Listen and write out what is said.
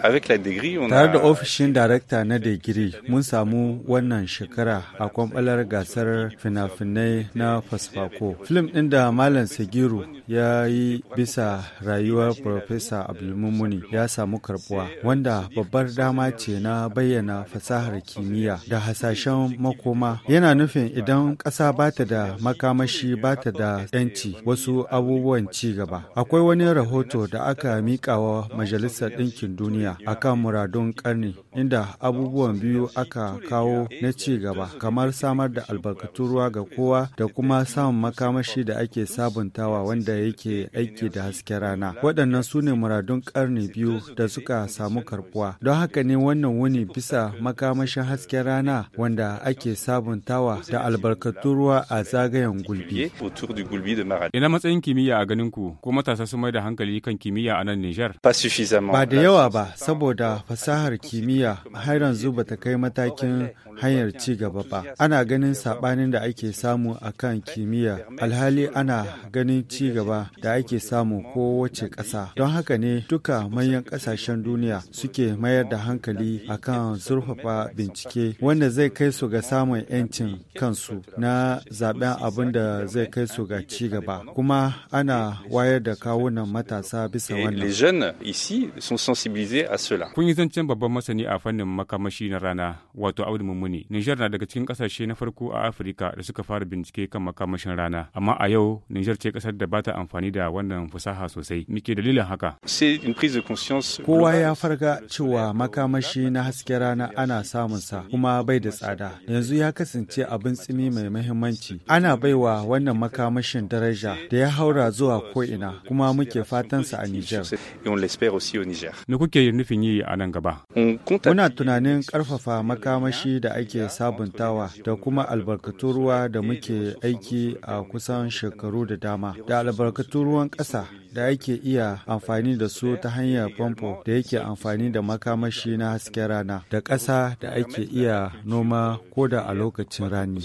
Tare da ofishin darakta na digiri mun samu wannan shekara a kwamfalar gasar fina-finai na Fasfako. Film ɗin da Malam Sagiru ya yi bisa rayuwar Profesa Abdulmumuni ya samu karbuwa, wanda babbar dama ce na bayyana fasahar kimiyya da hasashen makoma. Yana nufin idan ƙasa ba ta da makamashi ba ta da 'yanci wasu abubuwan ci gaba. Akwai wani rahoto da aka miƙawa Majalisar Ɗinkin Duniya duniya kan muradun ƙarni inda abubuwan biyu aka kawo na ci gaba kamar samar da albarkatun ruwa ga kowa da kuma samun makamashi da ake sabuntawa wanda yake aiki da hasken rana waɗannan su ne muradun ƙarni biyu da suka samu karbuwa don haka ne wannan wuni bisa makamashin hasken rana wanda ake sabuntawa da albarkatun ruwa a zagayen gulbi ina matsayin kimiyya a ganin ku ko matasa sun mai da hankali kan kimiyya a nan Nijar? Ba da yawa ba saboda fasahar kimiyya har yanzu ba ta kai matakin hanyar ci gaba ba. Ana ganin sabanin da ake samu a kan kimiyya, alhali ana ganin ci gaba da ake samu ko wace ƙasa. Don haka ne duka manyan ƙasashen duniya suke mayar da hankali a kan zurfafa bincike wanda zai kai su ga samun 'yancin kansu na zaben abin da zai kai su ga ci gaba. Kuma ana wayar da kawunan matasa bisa wannan. dai a sula. Kun yi zancen babban masani a fannin makamashi na rana wato Audu Mummuni. Nijar na daga cikin kasashe na farko a Afirka da suka fara bincike kan makamashin rana. Amma a yau Nijar ce kasar da bata amfani da wannan fasaha sosai. Muke dalilin haka. Kowa ya farga cewa makamashi na hasken rana ana samun sa kuma bai da tsada. Yanzu ya kasance abin tsimi mai mahimmanci. Ana baiwa wannan makamashin daraja da ya haura zuwa ko'ina kuma muke fatansa a Nijar. na kuke yi nufin yi a nan gaba? Muna tunanin ƙarfafa makamashi da ake sabuntawa da kuma albarkatun ruwa da muke aiki a kusan shekaru da dama. Da albarkatun ruwan ƙasa da ake iya amfani da su ta hanyar famfo da yake amfani da makamashi na hasken rana da ƙasa da ake iya noma ko da a lokacin rani.